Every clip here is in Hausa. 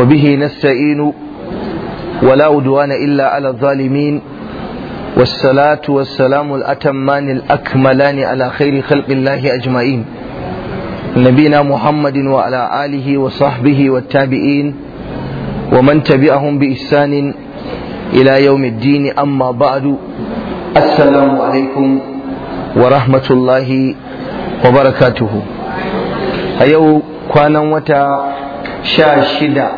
وبه نستعين ولا عدوان إلا على الظالمين والصلاة والسلام الأتمان الأكملان على خير خلق الله أجمعين نبينا محمد وعلى آله وصحبه والتابعين ومن تبعهم بإحسان إلى يوم الدين أما بعد السلام عليكم ورحمة الله وبركاته أيو كان وتا شاشدة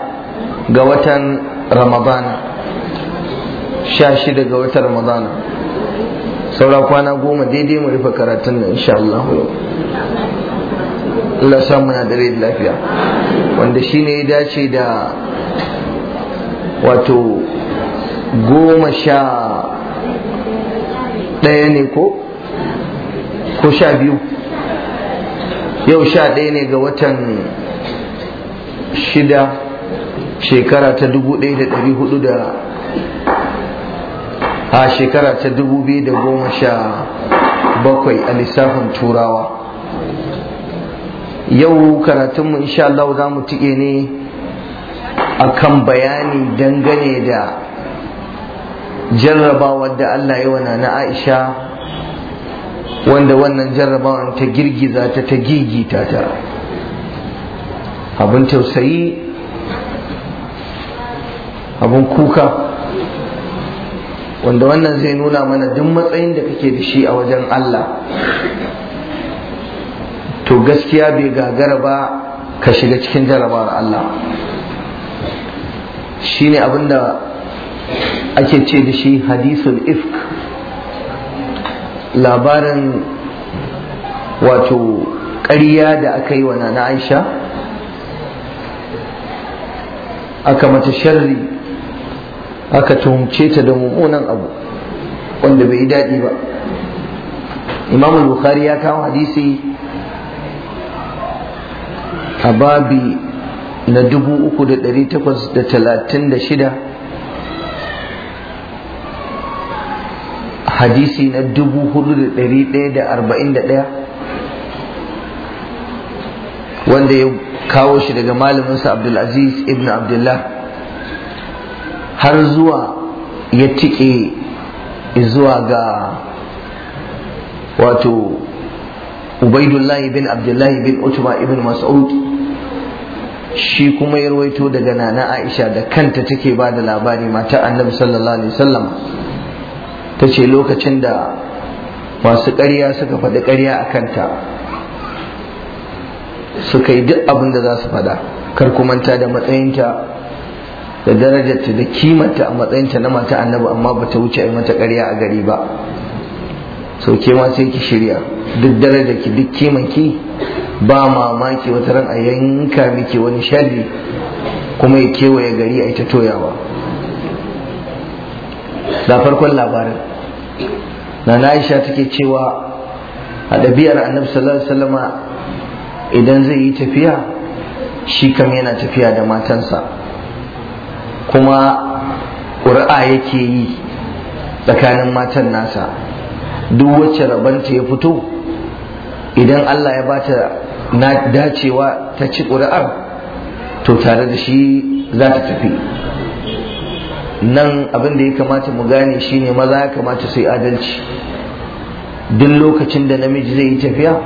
ga watan ramadan sha shida ga watan ramadan saura kwana goma daidai mu rufe karatun nan insha Allah Allah sa muna da lafiya wanda shine ya dace da wato goma sha ɗaya ne ko ko sha biyu yau sha ɗaya ne ga watan shida shekara ta 1400 da a shekara ta bakwai a lissafin turawa yau karatunmu insha Allah za mu tike ne akan bayani dangane da jarrabawar da Allah ya wana na Aisha wanda wannan jarrabawar ta girgiza ta ta gigita ta abin tausayi abun kuka wanda wannan zai nuna mana duk matsayin da kake da shi a wajen Allah to gaskiya bai gagara ba ka shiga cikin jarabawar Allah Shi shine abinda ake ce da shi hadisul ifk labarin wato ƙarya da aka yi wa nana aisha aka mata sharri aka tumce ta da mummunan abu wanda bai daɗi ba imam bukhari ya kawo hadisi a babi na 3836 hadisi na 4141 wanda ya kawo shi daga malaminsa abdulaziz ibn abdullah har zuwa ya tike zuwa ga wato ubaidullahi bin abdullahi bin utuma ibn mas'ud shi kuma ya rawaito daga nana aisha da kanta take ba da labari mata annabi sallallahu alaihi wasallam ta ce lokacin da masu ƙarya suka faɗi ƙarya a kanta suka yi duk abin da za su faɗa kar ku manta da matsayinta da darajarta da kimanta a matsayin ta na mata annabi amma bata wuce a mata ƙarya a gari ba so ke ma sai ki shirya duk darajar ki duk kiman ba mamaki wata ran a yanka miki wani sharri kuma ya kewaye gari a ita toyawa da farkon labarin na Aisha take cewa a ɗabi'ar annabi sallallahu alaihi wasallama idan zai yi tafiya shi kam yana tafiya da matansa kuma ƙuri'a yake yi tsakanin matan nasa duk wacce rabanta ya fito idan Allah ya bata na dacewa ta ci ƙuri'ar to tare da shi za ta tafi nan abin da ya kamata mu gane shine maza ya kamata su adalci duk lokacin da namiji zai yi tafiya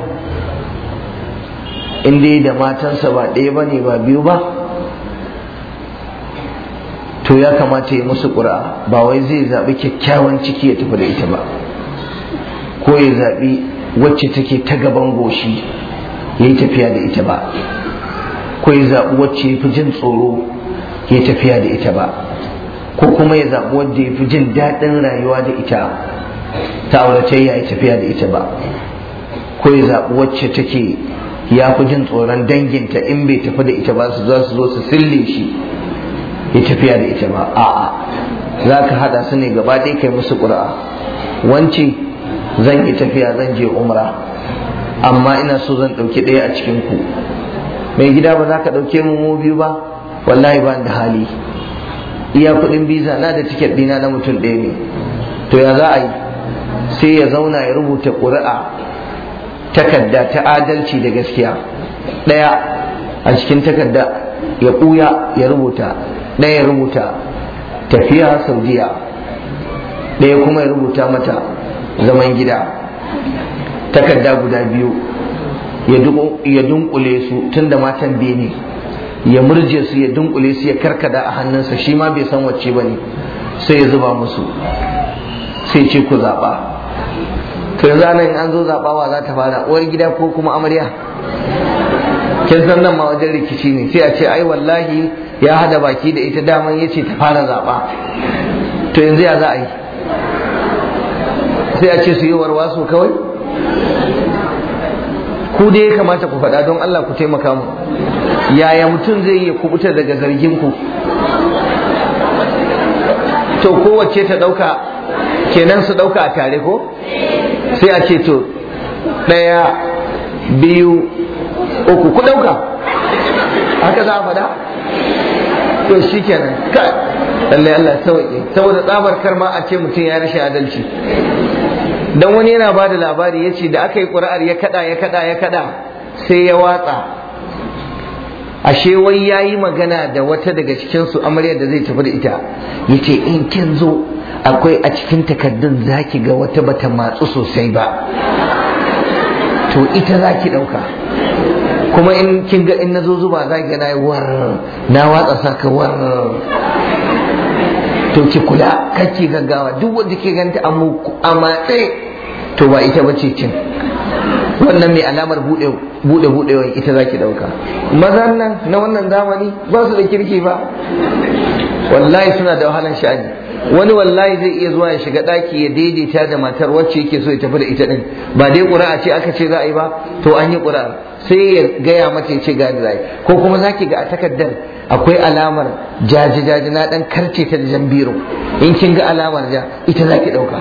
in dai da matansa ba ɗaya ba ne ba biyu ba to ya kamata ya musu ƙura ba wai zai zaɓi kyakkyawan ciki ya tafi da ita ba ko ya zaɓi wacce take ta gaban goshi ya yi tafiya da ita ba ko ya zaɓi wacce ya fi jin tsoro ya tafiya da ita ba ko kuma ya zaɓi wadda ya fi jin daɗin rayuwa da ita ta auratayya ya yi tafiya da ita ba ko ya zaɓi wacce take ya fi jin tsoron danginta in bai tafi da ita ba su za su zo su sille shi ya tafiya da ita ba a'a za ka hada su ne gaba ɗaya kai musu ƙura'a wance zan yi tafiya zan je umra amma ina so zan ɗauki ɗaya a cikin ku mai gida ba za ka ɗauke mu mu biyu ba wallahi ba da hali iya kuɗin biza na da tiket ɗina na mutum ɗaya ne to ya za a yi sai ya zauna ya rubuta ƙuri'a takarda ta adalci da gaskiya ɗaya a cikin takarda ya ɓuya ya rubuta ɗaya rubuta tafiya saudiya ɗaya kuma ya rubuta mata zaman gida takarda guda biyu ya dunkule su tun da matan bene, ya murje su ya dunkule su ya karkada a hannunsa shi ma bai san wacce ba ne sai ya zuba musu sai ce ku zaɓa to yanzu nan an zo zaɓawa za ta fara uwar gida ko kuma amarya kin san nan ma wajen rikici ne sai a ce ai wallahi ya hada baki da ita daman yace ta fara zaba to yanzu ya za a yi sai a ce su yi warwaso kawai ku dai kamata ku faɗa don Allah ku taimaka mu yaya mutum zai iya kubuta daga zargin ku to kowace ta ɗauka kenan su ɗauka a tare ko sai a ce to ɗaya biyu uku ku ɗauka haka za a faɗa to shi kenan kai lallai Allah sauke saboda tsabar karma a ce mutum ya rashin adalci dan wani yana ba da labari ya ce da aka yi ƙuri'ar ya kaɗa ya kaɗa ya kaɗa sai ya watsa ashe wai ya yi magana da wata daga cikinsu amaryar da zai tafi da ita ya ce in kin zo akwai a cikin takardun za ki ga wata bata matsu sosai ba to ita za ki ɗauka kuma in kin ga in nazo zuba za ki na war na watsa saka war to ki kula kake gaggawa duk wanda ke ganta a matse to ba ita bace kin wannan mai alamar bude bude wai ita zaki dauka mazan nan na wannan zamani ba su da kirki ba wallahi suna da wahalan sha'ani wani wallahi zai iya zuwa ya shiga ɗaki ya daidaita da matar wacce yake so ya tafi da ita ɗin ba dai ƙura'a ce aka ce za a yi ba to an yi ƙura'a sai ya gaya mata ya ce ga da ko kuma za ki ga a takardar akwai alamar jaji jaji na ɗan karce ta da jan biro in kin ga alamar ja ita za ki ɗauka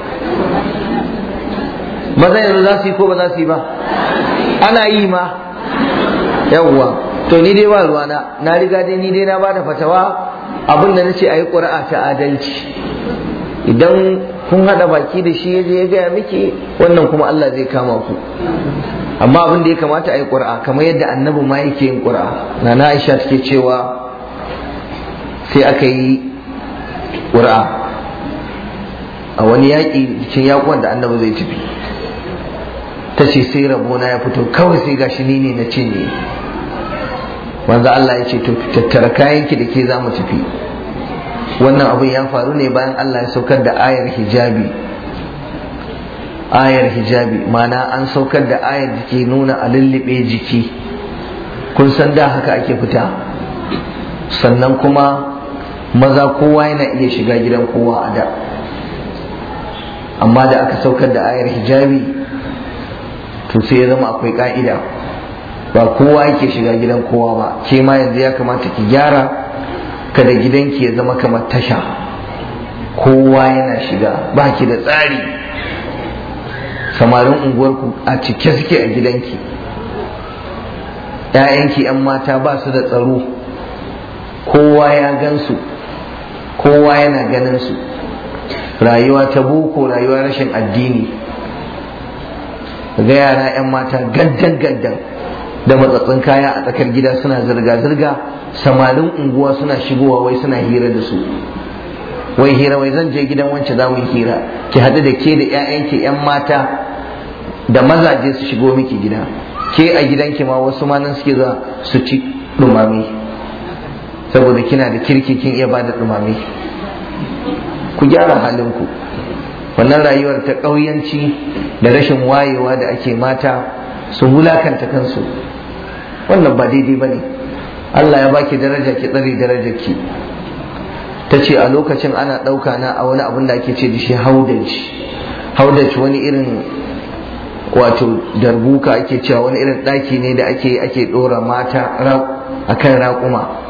maza yanzu za su yi ko ba za su yi ba ana yi ma yawwa to ni dai ba ruwana na riga dai ni dai na bada fatawa abin da nace ayi qur'a ta adalci idan kun hada baki da shi yaje ya gaya miki wannan kuma Allah zai kama ku amma abin da ya kamata ayi qur'a kamar yadda annabi ma yake yin qur'a nana Aisha take cewa sai aka yi qur'a a wani yaƙi cikin yaƙuwan da annabi zai tafi ta ce sai rabona ya fito kawai sai gashi ni ne na cinye wanzu Allah ya ce to tattara kayanki da ke za mu tafi wannan abin ya faru ne bayan Allah ya saukar da ayar hijabi ayar hijabi mana an saukar da ayar da ke nuna a lullube jiki kun san da haka ake fita sannan kuma maza kowa yana iya shiga gidan kowa a da amma da aka saukar da ayar hijabi to sai ya zama akwai ka'ida ba kowa yake shiga gidan kowa ba ke ma yanzu ya kamata ki gyara kada gidanki ya zama kamar tasha kowa yana shiga ba ki da tsari samarin unguwarku a cike suke a gidanki ‘ya'yanki ‘yan mata ba su da tsaro kowa ya gansu kowa yana ganinsu. rayuwa ta boko rayuwa rashin addini ga yara ‘yan mata gaddan gaddan da matsatsin kaya a tsakar gida suna zirga-zirga samarin unguwa suna shigowa wai suna hira da su wai hira wai zan je gidan wance za mu hira ki haɗu da ke da 'ya'yanki 'yan mata da mazaje su shigo miki gida ke a gidanki ma wasu ma nan suke za su ci ɗumami? saboda kina da kirki kin iya bada ɗumami. ku gyara halinku wannan rayuwar ta ƙauyanci da rashin wayewa da ake mata su wulakanta kansu wannan ba daidai ba ne Allah ya baki daraja ki tsari daraja ki ta ce a lokacin ana ɗauka na a wani abin da ake ce da shi haudaci haudaci wani irin wato darbuka ake cewa wani irin ɗaki ne da ake ake ɗora mata a kan raƙuma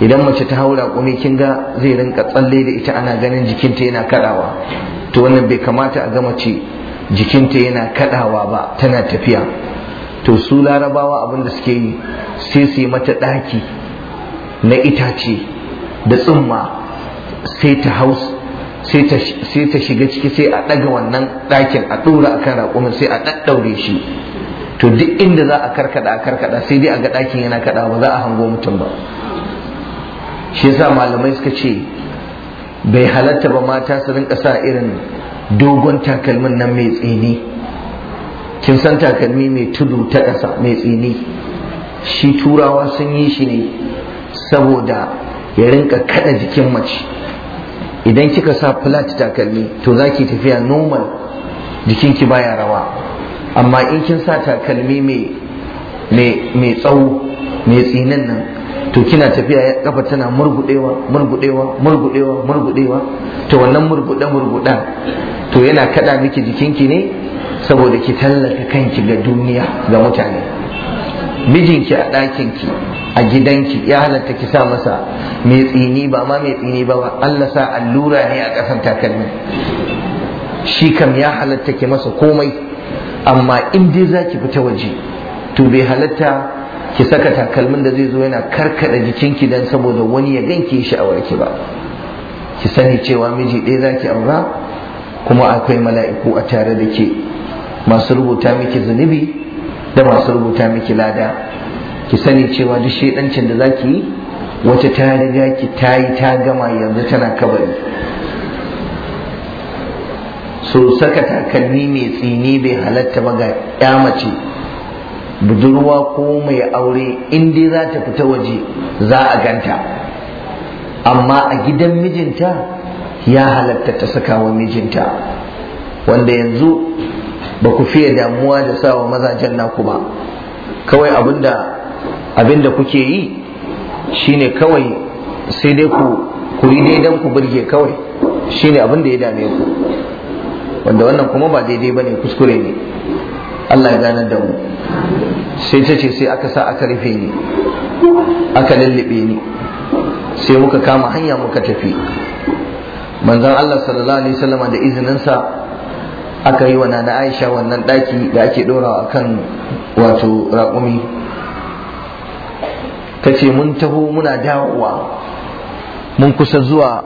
idan mace ta hau raƙumi kin ga zai rinka tsalle da ita ana ganin jikinta yana kaɗawa to wannan bai kamata a gama ce jikinta yana kaɗawa ba tana tafiya to su larabawa abun da suke yi sai su yi mata ɗaki na itace da tsumma sai ta haus sai ta shiga ciki sai a ɗaga wannan ɗakin a ɗora a kan raƙumin sai a ɗaɗɗaure shi to duk inda za a karkada a karkada sai dai a ga ɗakin yana kaɗa ba za a hango mutum ba shi yasa malamai suka ce bai halatta ba mata su rinka sa irin dogon takalmin nan mai tsini kin san takalmi mai tudu ta ƙasa mai tsini shi turawa sun yi shi ne saboda ya rinka kada jikin mace idan kika sa flat takalmi to za ki tafiya normal jikinki baya rawa amma in kin sa takalmi mai tsawo mai tsinin nan to kina tafiya kafa tana murgudewa murgudewa murgudewa murgudewa to wannan murgude murguda to yana kada miki jikinki ne saboda ki tallata kanki ga duniya ga mutane mijinki a ɗakinki a gidanki ya halatta ki sa masa mai tsini ba ma mai tsini ba Allah sa allura ne a ƙasan takalmi shi kam ya halatta ki masa komai amma in dai za ki fita waje to bai halatta ki saka takalmin da zai zo yana karkada jikinki dan saboda wani ya ganke shi sha'awarki ba ki sani cewa miji ɗaya za ki aura kuma akwai mala'iku a tare da ke masu rubuta miki zunubi da masu rubuta miki lada ki sani cewa duk shedancin da zaki yi wata ta riga ki ta yi ta gama yanzu tana kabari so saka takalmi mai tsini bai halatta ba ga ya mace budurwa ko mai aure in za ta fita waje za a ganta amma a gidan mijinta ya halatta ta saka wa mijinta wanda yanzu ba ku fiye damuwa da sawa mazajen naku ba kawai abinda abinda kuke yi shine kawai sai dai ku ku yi daidan ku burge kawai shine abinda ya dame ku wanda wannan kuma ba daidai ba ne kuskure ne Allah ya ganar da mu sai ta ce sai aka sa aka rufe ni aka lullube ni sai muka kama hanya muka tafi manzon Allah sallallahu alaihi wasallam da izininsa aka yi wa nana aisha wannan daki da ake ɗorawa kan wato raƙumi ta ce mun taho muna dawowa mun kusa zuwa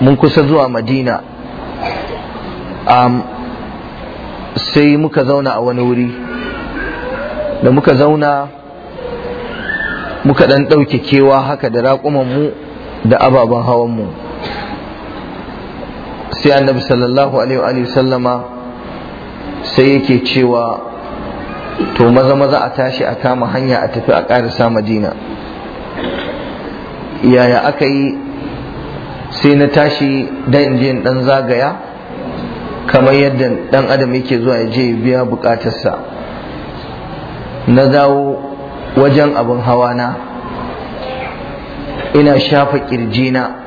mun kusa zuwa madina um, sai muka zauna a wani wuri da muka zauna muka ɗan ɗauke kewa haka da raƙumanmu da ababen hawanmu mu sai annabi sallallahu alaihi wa sallama sai yake cewa to maza maza a tashi a kama hanya a tafi a ƙarisa madina yaya aka yi sai na tashi dan je dan zagaya kamar yadda dan adam yake zuwa ya je biya bukatarsa na dawo wajen abin hawa na ina shafa na.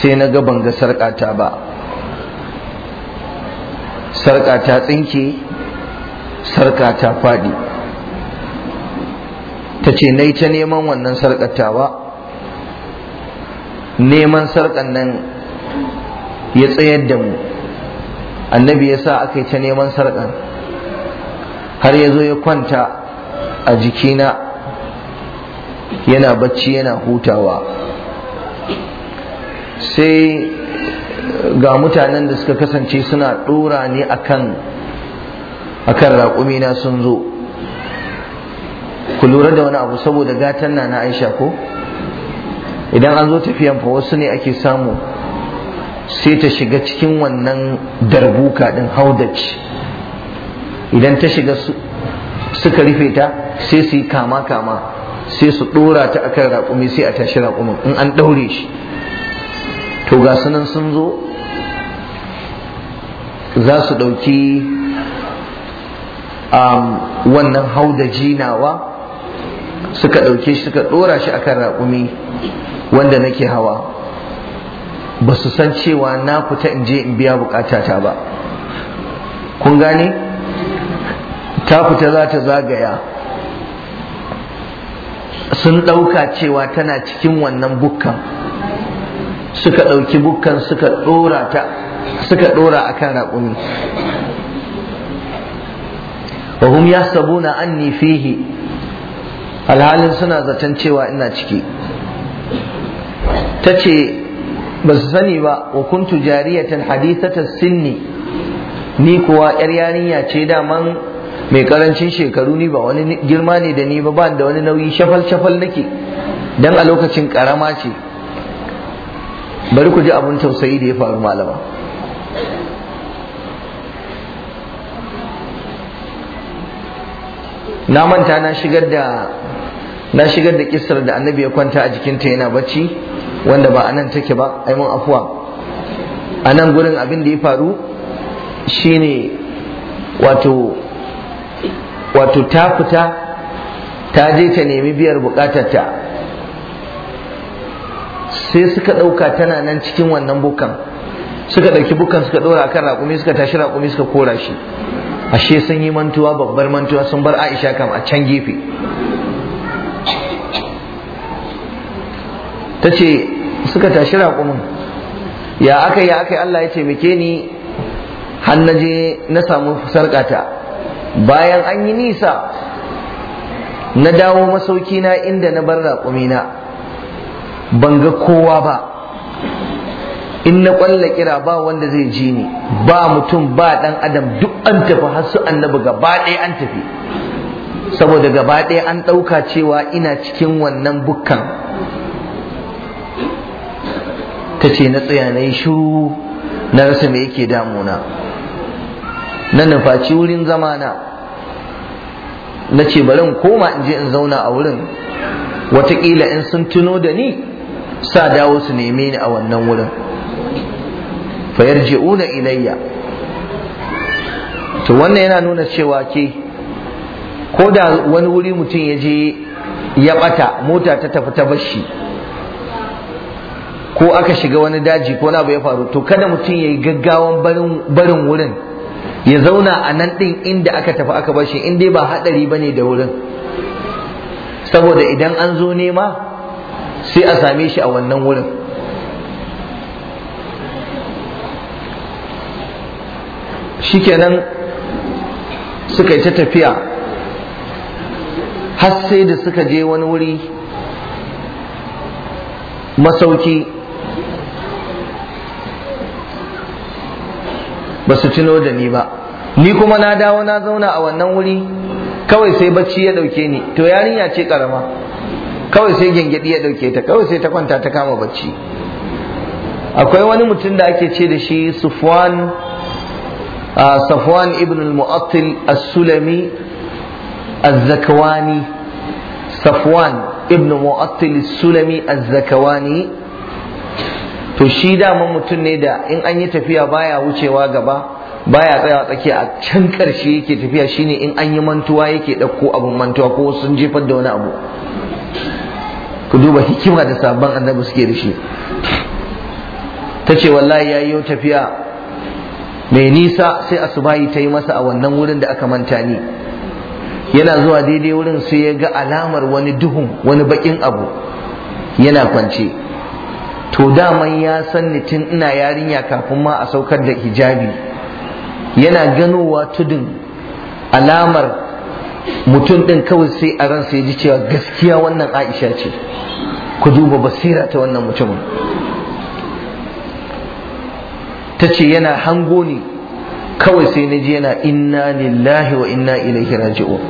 sai na ga ban ga sarƙata ba sarƙata tsinke sarƙata faɗi ta ce na yi ta neman wannan sarƙatawa neman sarƙan nan ya tsayar da mu annabi ya sa aka yi ta neman sarƙan har ya zo ya kwanta a jikina yana bacci yana hutawa sai ga mutanen da suka kasance suna ɗora ne akan kan raƙumi na sun zo ku lura da wani abu saboda gatan na na aisha ko idan an zo tafiyan fa wasu ne ake samu sai ta shiga cikin wannan darbuka din haudaj idan ta shiga suka rufe ta sai su yi kama kama sai su dora ta akan raƙumi sai a tashi raƙumin in an ɗaure shi to ga sunan sun zo za su ɗauki um, wannan haudaji jinawa suka ɗauke shi suka ɗora shi akan raƙumi wanda nake hawa ba su san cewa na fita in je in biya bukatata ba kun gane ta fita za ta zagaya sun ɗauka cewa tana cikin wannan bukkan suka ɗauki bukkan suka ɗora ta suka ɗora a kan raƙumi wa hum yasabuna anni fihi alhalin suna zaton cewa ina ciki ta ce ba su sani ba wa kuntu jariyatan hadithata sinni ni kuwa yar yarinya ce daman mai karancin shekaru ni ba wani girma ne da ni ba ba da wani nauyi shafal shafal nake dan a lokacin karama ce bari ku ji abin tausayi da ya faru malama na manta na shigar da na shigar da kisar da annabi ya kwanta a jikinta yana bacci wanda ba anan take ba ai afuwa a nan gurin abin da ya faru shine wato wato ta fita ta je ta nemi biyar bukatarta sai suka ɗauka tana nan cikin wannan bukan suka ɗauki bukan suka ɗora akan raƙumi suka tashi raƙumi suka kora shi ashe sun yi mantuwa babbar mantuwa sun bar aisha kam a can gefe ta ce suka tashi raƙumin ya aka ya aka Allah ya taimake ni hannaje na je na samu sarƙata bayan an yi nisa na dawo masauki na inda na bar raƙumina ban ga kowa ba in na kwalla kira ba wanda zai ji ni ba mutum ba dan adam duk an tafi har su annabi gaba ɗaya an tafi saboda gaba ɗaya an ɗauka cewa ina cikin wannan bukkan ta ce na tsaya na yi shiru na rasa me yake damu na nufaci wurin zamana na ce bari in koma in je in zauna a wurin watakila in sun tuno da ni sa dawo su neme ni a wannan wurin fayarji'una ilayya to wannan yana nuna cewa ke ko da wani wuri mutum ya je ya bata mota ta tafi ta bashi ko aka shiga wani daji ko na abu ya faru to kada mutum ya yi gaggawan barin wurin ya zauna a nan ɗin inda aka tafi aka bashi in dai ba haɗari ba ne da wurin saboda idan an zo nema sai a same shi a wannan wurin shikenan suka yi ta tafiya har sai da suka je wani wuri masauki ba su tuno da ni ba ni kuma na dawo na zauna a wannan wuri kawai sai bacci ya ɗauke ni to yarinya ce ƙarama kawai sai gengedi ya ɗauke ta kawai sai ta kwanta ta kama bacci akwai wani mutum da ake ce da shi sufwan safwan ibn al-mu'attil as-sulami az-zakawani safwan ibn mu'attil as-sulami az-zakawani to shi dama mutum ne da in an yi tafiya baya wucewa gaba baya tsayawa tsaki a can karshe yake tafiya shine in an yi mantuwa yake ɗauko abun mantuwa ko sun jefar da wani abu ku duba hikima da sabon annabi suke da shi ta ce wallahi ya yi tafiya mai nisa sai asubahi ta yi masa a wannan wurin da aka manta ni yana zuwa daidai wurin sai ya ga alamar wani duhun wani bakin abu yana kwance to daman ya san ni tun ina yarinya kafin ma a saukar da hijabi yana ganowa tudun alamar mutum ɗin kawai sai a ransa ya ji cewa gaskiya wannan aisha ce ku duba basira ta wannan mutumin ta ce yana hango ne kawai sai na ji yana inna lillahi wa inna ilaihi raji'un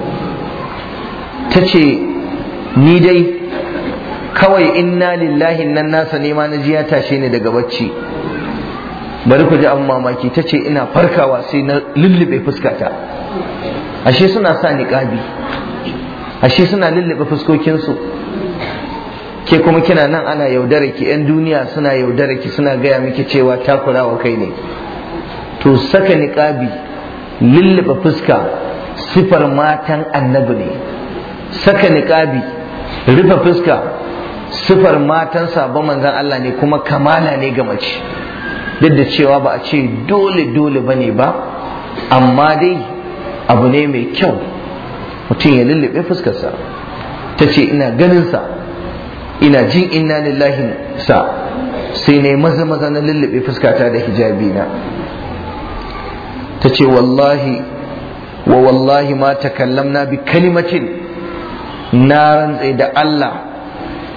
ta ce ni dai kawai inna lillahi nan nasa nema na ji ya tashe ni daga bacci bari ku ji abin mamaki ta ce ina farkawa sai na lullube fuskata ashe suna sa niƙabi ashe suna lullube fuskokinsu ke kuma kina nan ana yaudara ki 'yan duniya suna yaudara ki suna gaya miki cewa takurawa kai ne to saka niƙabi lullube fuska sifar matan annabi ne saka niƙabi rufe fuska sifar matan sabon manzan Allah ne kuma kamala ne ga mace duk da cewa ba a ce dole dole bane ba amma dai abu ne mai kyau mutum ya lullube fuskarsa ta ce ina ganinsa ina jin inna lillahi sa sai ne maza maza na lullube fuskata da hijabi na ta ce wallahi wa wallahi ma takallamna bi kalimacin na rantsai da Allah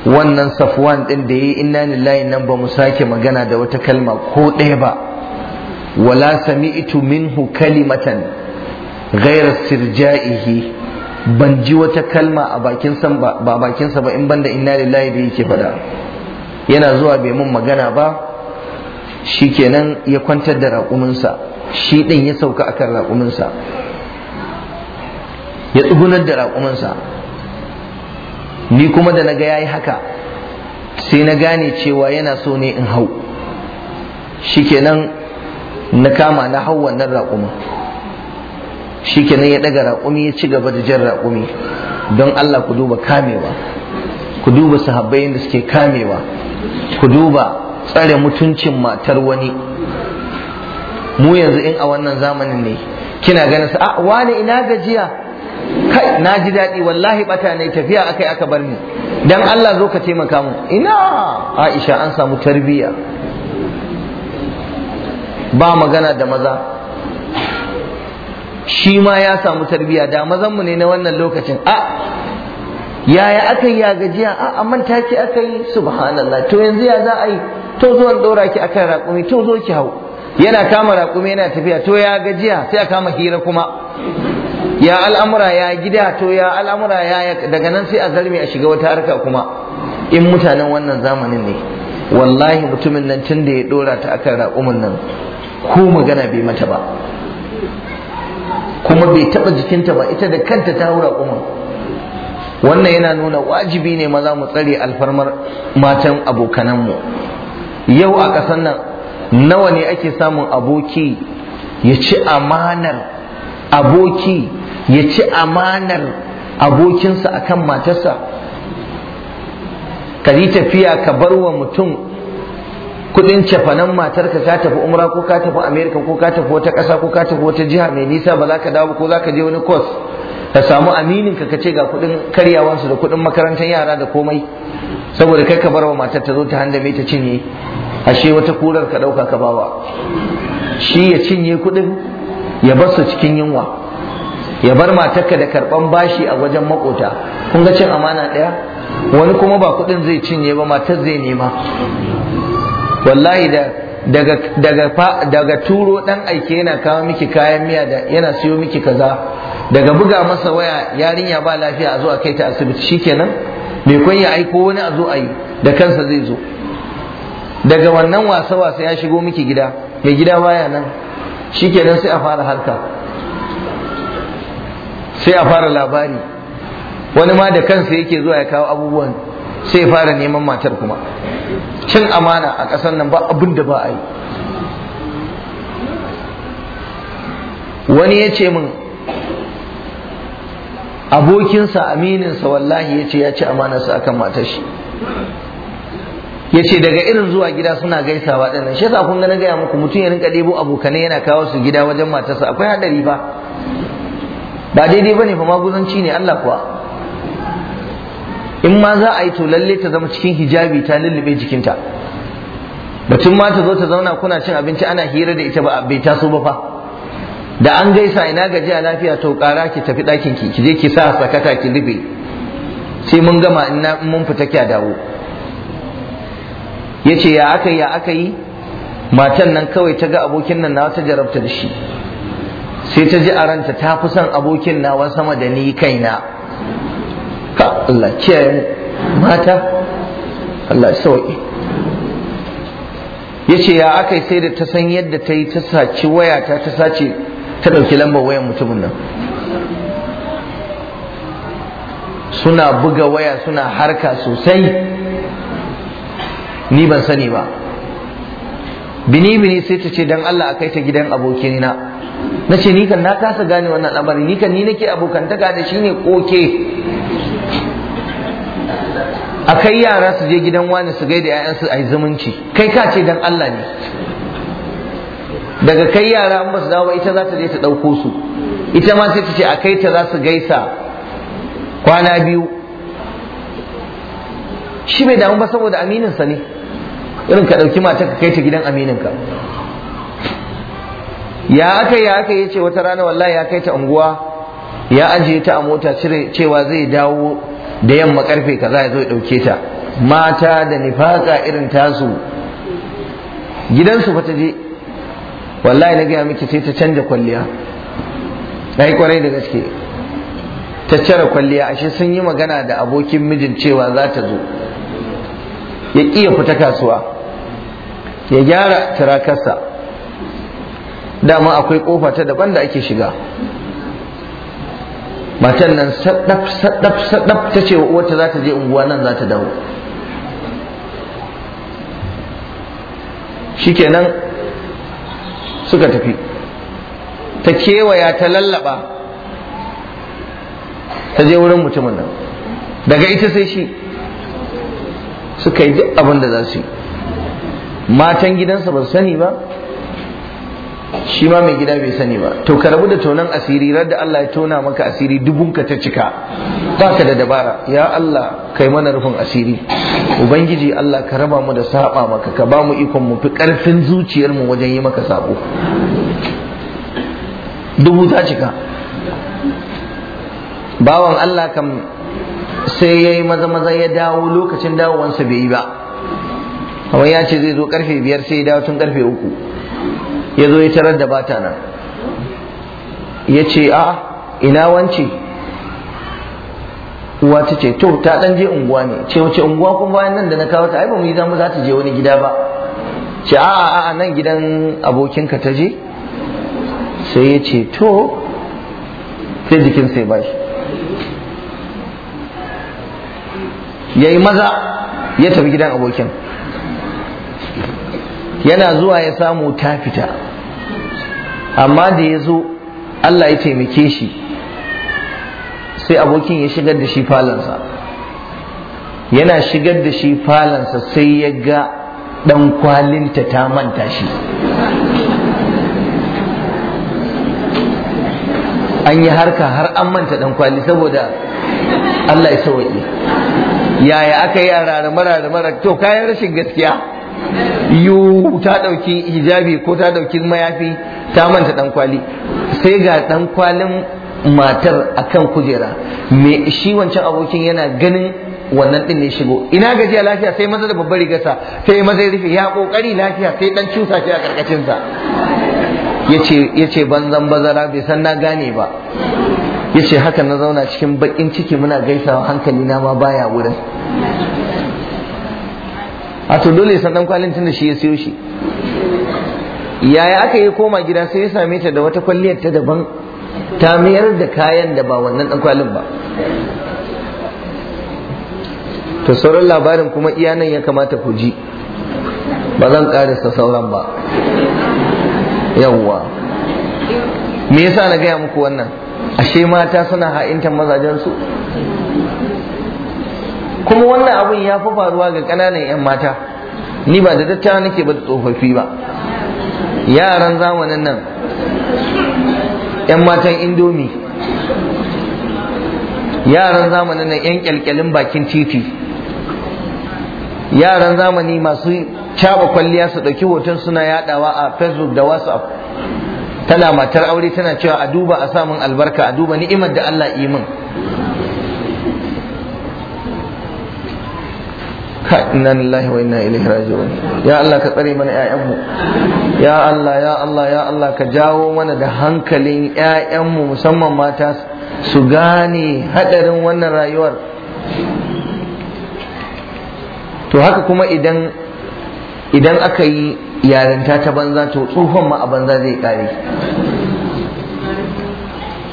wannan safwan din da yi inna lillahi nan ba mu sake magana da wata kalma ko ɗaya ba wala sami'tu minhu kalimatan ghairar sirja'ihi ban ji wata kalma a bakinsa ba bakinsa ba in banda inna lillahi da yake faɗa yana zuwa bai mun magana ba shikenan ya kwantar da raƙuminsa shi ɗin ya sauka a kan raƙuminsa ya tsugunar da raƙuminsa ni kuma da naga ga yayi haka sai na gane cewa yana so ne in hau shikenan na kama na hau wannan raƙumin shi kenan ya ɗaga raƙumi ya ci gaba da jan raƙumi don Allah ku duba kamewa ku duba sahabbai da suke kamewa ku duba tsare mutuncin matar wani mu yanzu in a wannan zamanin ne kina ganin su a ah, wani ina gajiya kai na ji daɗi wallahi bata ne tafiya akai aka bar ni dan Allah zo ka taimaka mu ina Aisha an samu tarbiyya ba magana da maza shi ma ya samu tarbiyya da mazanmu mu ne na wannan lokacin a yaya aka yi ya gajiya a amma ta ki aka yi subhanallah to yanzu ya za a yi to zuwan dora ki akan raƙumi to zo ki hau yana kama raƙumi yana tafiya to ya gajiya sai a kama hira kuma ya al'amura ya gida to ya al'amura ya daga nan sai a zalmi a shiga wata harka kuma in mutanen wannan zamanin ne wallahi mutumin nan tun da ya dora ta akan raƙumin nan ko magana bai mata ba kuma bai taba jikinta ba ita da kanta ta haura kuma wannan yana nuna wajibi ne maza mu tsare alfarmar matan abokananmu yau a ƙasar nan nawa ne ake samun aboki ya ci amanar aboki ya ci amanar abokinsa akan matarsa ka yi tafiya ka bar wa mutum kudin cefanen matarka ka tafi umra ko ka tafi america ko ka tafi wata kasa ko ka tafi wata jiha mai nisa ba za ka dawo ko za ka je wani course ka samu aminin ka kace ga kudin karyawansu da kudin makarantar yara da komai saboda kai ka barwa matar ta zo ta handame ta cinye ashe wata kurar ka ɗauka ka bawa shi ya cinye kudin ya bar su cikin yunwa ya bar matarka da karban bashi a wajen makota kun ga cin amana ɗaya wani kuma ba kudin zai cinye ba matar zai nema wallahi da daga daga daga turo dan aike yana kawo miki kayan miya da yana siyo miki kaza daga buga masa waya yarinya ba lafiya a zo a kai ta asibiti shikenan me kun ya aiko wani a zo a yi da kansa zai zo daga wannan wasa wasa ya shigo miki gida mai gida baya nan shikenan sai a fara harka sai a fara labari wani ma da kansa yake zuwa ya kawo abubuwan sai ya fara neman matar kuma cin amana a ƙasar nan ba abin da ba a yi wani ya ce min abokinsa amininsa wallahi ya ce ya ci amanarsa akan matar shi ya ce daga irin zuwa gida suna gaisawa ɗin nan shi kun gani gaya muku mutum ya rinka ɗebo abokanai yana kawo su gida wajen matarsa akwai haɗari ba. ba daidai ba ne fa maguzanci ne Allah kuwa in ma za a yi to lalle ta zama cikin hijabi ta lullube jikinta batun ma ta zo ta zauna kuna cin abinci ana hira da ita ba bai taso ba fa da an gaisa ina gajiya lafiya to kara ki tafi ɗakin ki ki je ki sa sakata ki rufe sai mun gama in mun fita kya dawo yace ya aka ya aka yi matan nan kawai ta ga abokin nan na ta jarabta da shi sai ta ji a ranta ta fi son abokin nawa sama da ni kaina ka Allah kiyaye mata Allah sauki yace ya akai sai da ta san yadda ta yi ta saci waya ta ta saci ta ɗauki lambar wayan mutumin nan suna buga waya suna harka sosai ni ban sani ba bini bini sai ta ce dan Allah a kai ta gidan abokina na ce ni kan na kasa gane wannan labarin ni kan ni nake abokantaka da shi ne koke a kai yara su je gidan wani su gaida 'ya'yansu a yi zumunci kai ka ce dan Allah ne daga kai yara in ba su dawo ita za ta je ta ɗauko su ita ma sai ta ce a kai ta za su gaisa kwana biyu shi bai damu ba saboda amininsa ne irin ka ɗauki mata ka kai ta gidan amininka ya aka ya aka ya ce wata rana wallahi ya kai ta unguwa ya ajiye ta a mota cewa zai dawo da yamma karfe kaza ya zo ya ɗauke ta mata da nifaka irin tasu gidansu fata je wallahi na gaya miki sai ta canja kwalliya na yi kwarai da gaske ta cire kwalliya ashe sun yi magana da abokin mijin cewa za ta zo ya iya fita kasuwa ya gyara turakarsa dama akwai kofa ta daban da ake shiga matan nan sadaf sadaf sadaf ta ce uwarta za ta je unguwa nan za ta dawo shikenan suka tafi ta kewaya ta lallaba ta je wurin mutumin nan daga ita sai shi suka yi duk abin da za su yi matan gidansa ba sani ba shi ma mai gida bai sani ba to ka rabu da tonan asiri da Allah ya tona maka asiri dubunka ta cika baka da dabara ya Allah kai mana rufin asiri ubangiji Allah ka raba mu da saba maka ka ba mu ikon mu fi karfin zuciyar mu wajen yi maka sabo dubu ta cika bawan Allah kam sai ya yi maza maza ya dawo lokacin dawowansa bai yi ba kamar ya ce zai zo karfe biyar sai ya dawo tun karfe uku ya zo ya tarar da bata nan ya ce a ina wance uwa ta ce to ta dan je unguwa ne ce wace unguwa kuma bayan nan da na kawo ta ai ba mu yi zamu za ta je wani gida ba ce a a a nan gidan abokinka ta je sai ya ce to sai jikin sai ba shi ya yi maza ya tafi gidan abokin yana zuwa ya samu ta fita amma da ya zo Allah ya taimake shi sai abokin ya shigar da shi falansa yana shigar da shi falansa sai ya ga ɗan kwalinta ta manta shi an yi harka har an manta ɗan kwali saboda Allah ya sawaye yaya aka yi a rarama to kayan rashin gaskiya yu ta ɗauki hijabi ko ta ɗauki mayafi ta manta ɗan kwali sai ga ɗan kwalin matar akan kujera me shi wancan abokin yana ganin wannan ɗin ne shigo ina gajiya lafiya sai maza da babbar rigarsa sai maza ya rufe ya kokari lafiya sai dan cusa shi a karkashin sa yace yace banzan bazara bai san na gane ba yace haka na zauna cikin bakin ciki muna gaisawa hankali na ma baya wurin a to dole ya san dan kwalin tunda shi ya siyo shi yaya aka yi koma gida sai ya same ta da wata kwalliyar ta daban ta mayar da kayan da ba wannan dan kwalin ba to sauran labarin kuma iya nan ya kamata ku ji ba zan karisa sauran ba yawwa me yasa na gaya muku wannan ashe mata suna ha'intan mazajensu kuma wannan abun ya fi faruwa ga ƙananan 'yan mata ni ba da dattawa nake ba da tsofaffi ba yaran zamanin nan 'yan matan indomi yaran zamanin nan 'yan kyalkyalin bakin titi yaran zamani masu caba kwalliya su ɗauki hoton suna yadawa a facebook da whatsapp tana matar aure tana cewa a duba a samun albarka a duba ni'imar da Allah imin min inna lillahi wa inna ilaihi raji'un ya Allah ka tsare mana ƴaƴanmu ya Allah ya Allah ya Allah ka jawo mana da hankalin ƴaƴanmu musamman mata su gane hadarin wannan rayuwar to haka kuma idan idan aka yi yarinta ta banza to tsohon ma a banza zai kare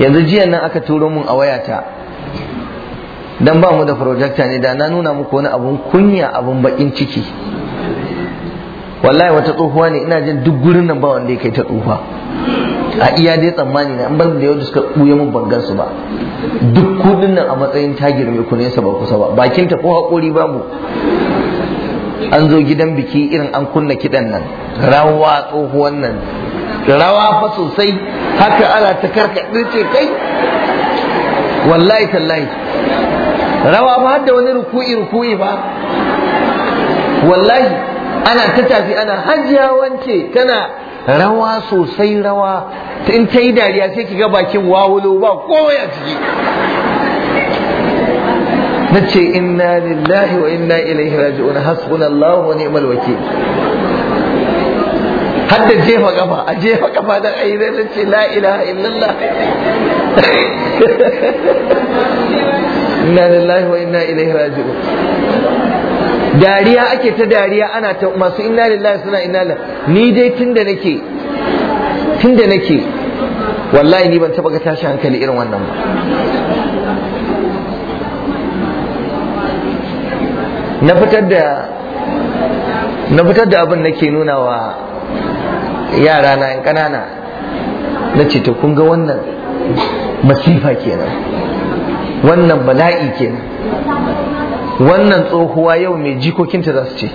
yanzu jiya nan aka turo mun a wayata dan ba mu da projector ne da na nuna muku wani abun kunya abun bakin ciki wallahi wata tsohuwa ne ina jin duk gurin nan ba wanda ya kai ta tsufa a iya dai tsammani na an bar da yau suka buye mun bangar su ba duk kudin nan a matsayin ta mai ku sa ba kusa ba bakin ta ko hakuri ba mu an zo gidan biki irin an kunna kidan nan rawa tsohuwan nan rawa fa sosai haka ala ta karkaɗe ce kai wallahi tallahi rawa ba da wani ruku'i ruku'i ba wallahi ana ta tafi ana hajiya wance tana rawa sosai rawa in ta yi dariya sai ki ga bakin wawulo ba komai a ciki na ce inna lillahi wa inna ilaihi raji'un hasbunallahu wa ni'mal wakil har da jefa kafa a jefa kafa da ayi na ce la ilaha illallah inna lillahi wa inna ilaihi raji'un dariya ake ta dariya ana ta masu inna lillahi suna inna lillahi ni dai tunda nake tunda nake wallahi ni ban taba ga tashi hankali irin wannan ba na fitar da na fitar da abin nake nuna wa yara na yan kanana na ce to kun ga wannan masifa kenan wannan bala'i ke wannan tsohuwa yau mai jikokinta za su ce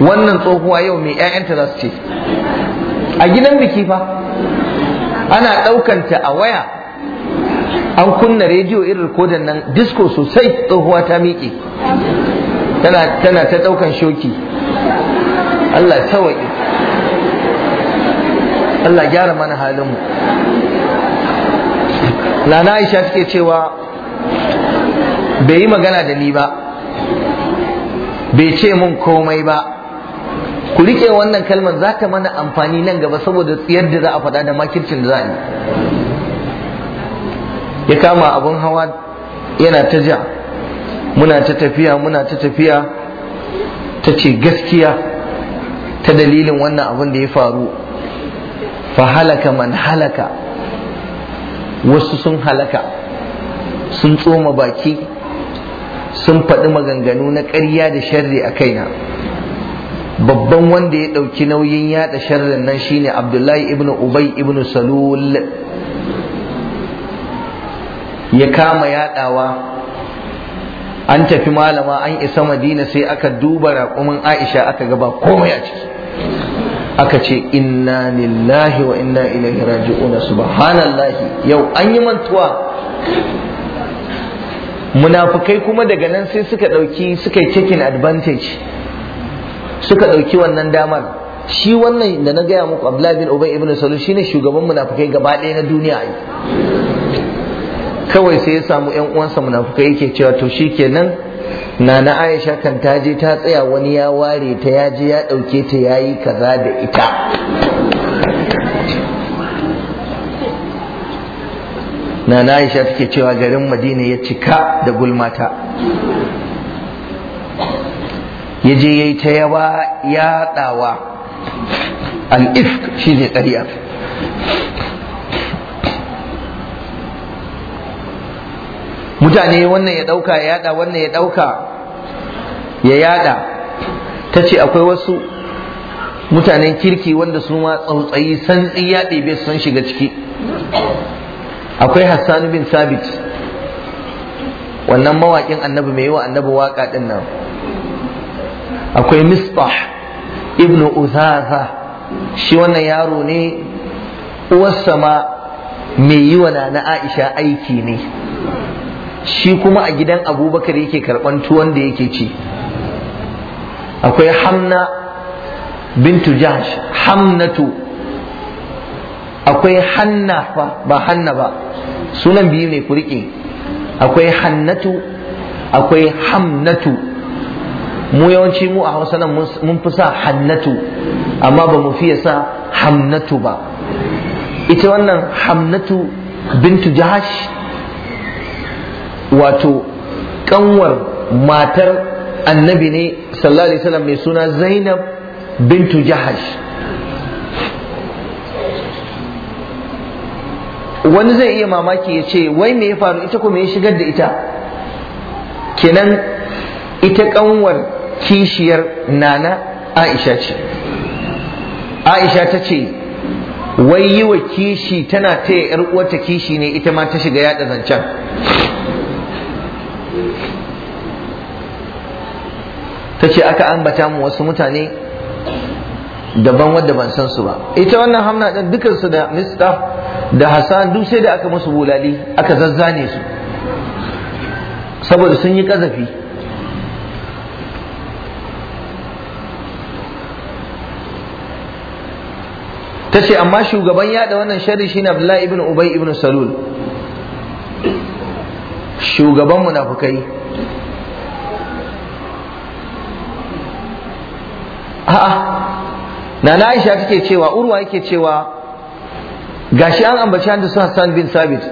wannan tsohuwa yau mai 'ya'yanta za su ce a gidan biki fa ana ɗaukanta a waya an kunna rediyo irin kodan nan disko sosai tsohuwa ta miƙe tana ta ɗaukan shoki Allah tawaye Allah gyara mana halinmu nana aisha take cewa bai yi magana da ni ba bai ce mun komai ba ku rike wannan kalmar za ta mana amfani nan gaba saboda yadda za a faɗa da makircin da za a yi ya kama abin hawa yana ta ja muna ta tafiya muna ta tafiya ta ce gaskiya ta dalilin wannan abin da ya faru fa halaka man halaka wasu sun halaka sun tsoma baki sun faɗi maganganu na ƙarya da sharri a kaina babban wanda ya ɗauki nauyin yaɗa sharrin nan shine abdullahi ibn ubai ibn salul ya kama yaɗawa an tafi malama an isa madina sai aka duba raƙumin aisha aka gaba komai a ciki aka ce inna lillahi wa inna ilaihi raji'una subhanallahi yau an yi mantuwa munafukai kuma daga nan sai suka ɗauki suka yi taking advantage suka ɗauki wannan damar shi wannan da na gaya muku Abdullahi bin Ubay ibn Salul shine shugaban munafukai gaba ɗaya na duniya kawai sai ya samu ƴan uwansa munafukai yake cewa to shikenan nana aisha kan ta je ta tsaya wani ya ware ta ya je ya ɗauke ta ya yi kaza da ita nana aisha take cewa garin madina ya cika da gulmata ya je ya yi ta yawa ya yaɗawa al'ifk shi ne ƙaryar mutane wannan ya ɗauka ya yada wannan ya ɗauka ya yada ta ce akwai wasu mutanen kirki wanda su ma tsautsayi santsi ya ɗebe sun shiga ciki akwai hassan bin sabit wannan mawaƙin annabi mai yi wa annabi waƙa ɗin nan akwai misbah ibnu uzaza shi wannan yaro ne uwarsa ma mai yi wa na aisha aiki ne shi kuma a gidan abubakar yake karban tuwon da yake ci akwai hamna bintu jahsh hamnatu akwai hanna fa ba hanna ba sunan biyu ne ku riƙe akwai hannatu akwai hamnatu mu yawanci mu a hausa nan mun fi sa hannatu amma ba mu fiye sa hamnatu ba ita wannan hamnatu bintu jahash wato kanwar matar annabi ne sallallahu alaihi wasallam mai suna zainab bintu jahash wani zai iya mamaki ya ce wai me ya faru ita kuma ya shigar da ita kenan ita kanwar kishiyar nana aisha ce aisha ta ce wai yi wa kishi tana taya yar uwarta kishi ne ita ma ta shiga yaɗa zancen ta ce aka ambata mu wasu mutane daban wadda ban san su ba ita wannan hamna din dukansu da mista da hassan duk sai da aka musu bulali aka zazzane su saboda sun yi kazafi ta ce amma shugaban yada wannan shari shine abdullahi ibn ubay ibn salul shugaban munafukai a'a na Aisha take cewa urwa yake cewa gashi an ambaci an su Hassan bin Sabit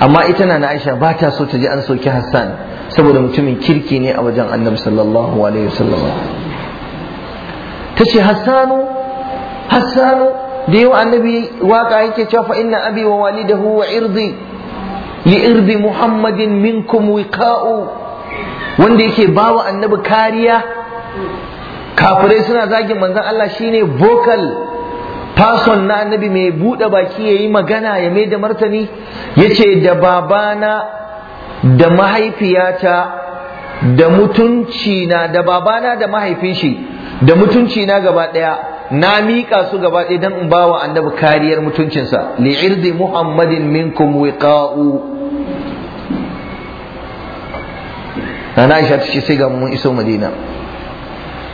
amma ita na Aisha ba ta so ta ji an soki Hassan saboda mutumin kirki ne a wajen Annabi sallallahu alaihi wasallam tace Hassanu Hassanu da yau annabi waka yake cewa fa inna abi wa walidahu wa irdi li irdi muhammadin minkum wiqa'u wanda yake bawa annabi kariya kafirai suna zagin manzon Allah shine vocal fason na annabi mai buɗe baki ya yi magana ya mai da martani ya ce da babana da mahaifiyata da mutunci na da babana da mahaifin shi da mutunci na gaba ɗaya na miƙa su gaba ɗaya don in ba wa annabi kariyar mutuncinsa li'irdi muhammadin minkum wiqa'u na na isha ce sai ga mun iso madina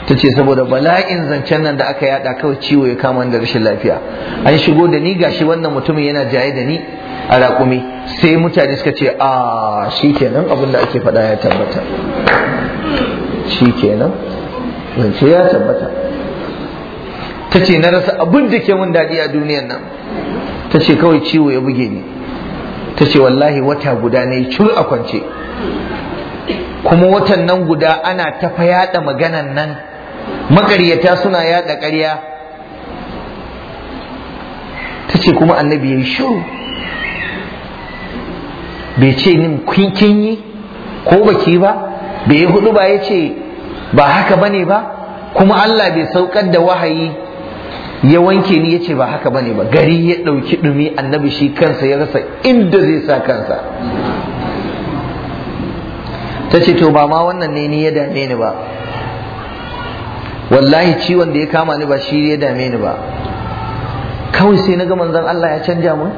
ta ce saboda bala'in zancen nan da aka yada kawai ciwo ya kama da rashin lafiya an shigo da ni gashi wannan mutumin yana jaye da ni a raƙumi sai mutane suka ce a shi kenan abin ake faɗa ya tabbata shi kenan zance ya tabbata ta ce na rasa abin da ke mun daɗi a duniyan nan ta ce kawai ciwo ya buge ni ta ce wallahi wata guda ne cur a kwance kuma watan nan guda ana ta fayaɗa maganan nan maƙaryata suna yaɗa ƙarya ta ce kuma annabi ya yi shiru bai ce nin kin yi ko baki ba bai yi hudu ba ya ce ba haka bane ba kuma Allah bai saukar da wahayi ya wanke ni ya ce ba haka bane ba gari ya ɗauki ɗumi annabi shi kansa ya rasa inda zai sa kansa ta ce to ba ma wannan ne ni ya dame ni ba wallahi ciwon da ya kama ni ba shi ya dame ni ba kawai sai naga manzon Allah ya canja mun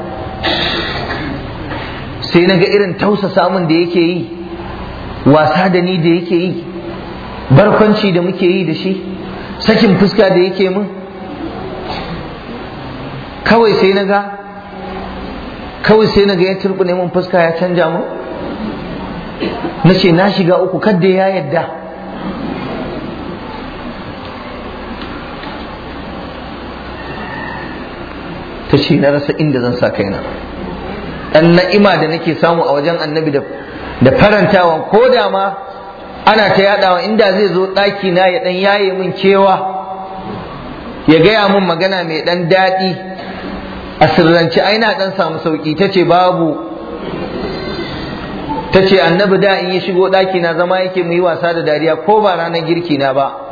sai naga irin tausasa mun da yake yi wasa da ni da yake yi barkwanci da muke yi da shi sakin fuska da yake mun kawai sai naga kawai sai naga ya turbine mun fuska ya canja mun nace na shiga uku kadda ya yadda ta ce na rasa inda zan sa kaina dan na'ima da nake samu a wajen annabi da farantawa ko da ma ana ta yadawa inda zai zo ɗaki na ya dan yaye min cewa ya gaya mun magana mai ɗan daɗi a sirrance ai na dan samu sauki ta ce babu ta ce annabi da in ya shigo ɗaki na zama yake mu yi wasa da dariya ko ba ranar girki na ba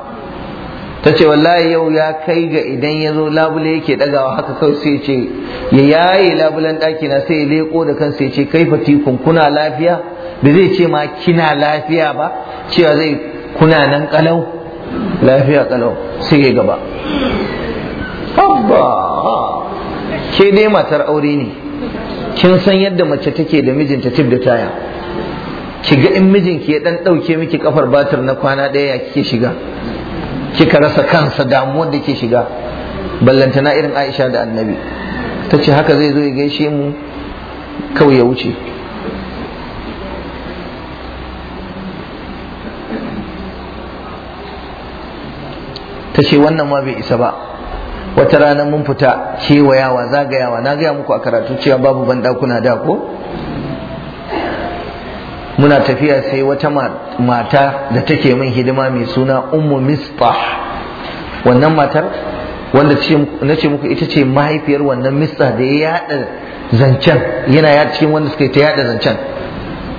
ta ce wallahi yau ya kai ga idan ya zo labule yake dagawa haka kawai sai ce ya yaye labulen ɗaki na sai ya leko da kansa ya ce kai fatikun kuna lafiya da zai ce ma kina lafiya ba cewa zai kuna nan kalau lafiya kalau sai ya gaba abba ke dai matar aure ne kin san yadda mace take da mijinta tib da taya ki ga in mijinki ya dan ɗauke miki kafar batir na kwana ɗaya ya kike shiga kika rasa kansa damuwar da ke shiga ballantana irin aisha da annabi ta ce haka zai zo ya gaishe mu kawai ya wuce ta ce wannan ma bai isa ba wata rana mun fita kewayawa zagayawa na gaya muku a karatu cewa babu banɗakuna da ko muna tafiya sai wata mata da take min hidima mai suna ummu Mista, wannan matar wanda na ce muku ita ce mahaifiyar wannan Mista da ya yada zancen yana ya cikin wanda suka yi ta yada zancen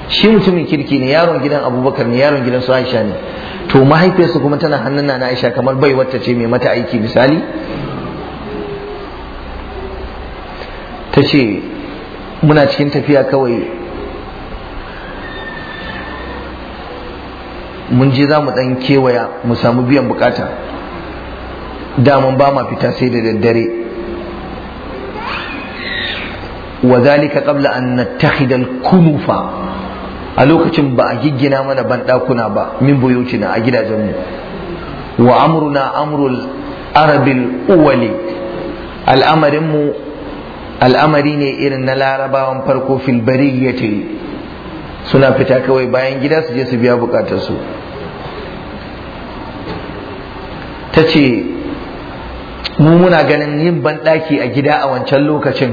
shi mutumin kirki ne yaron gidan abubakar ne yaron gidan su aisha ne to mahaifiyarsa kuma tana hannun na aisha kamar bai wata ce mai mata aiki misali ta ce muna cikin tafiya kawai mun je za mu ɗan kewaya mu samu biyan bukata daman ba ma fita sai da daddare wa zalika qabla an nattakhidal kunufa a lokacin ba a giggina mana banɗakuna ba min buyutina a gidajenmu wa amruna amrul arabil uwali al'amarinmu al'amari ne irin na larabawan farko fil bariyyati suna fita kawai bayan gida su je su biya bukatar su ta ce mu muna ganin yin banɗaki a gida a wancan lokacin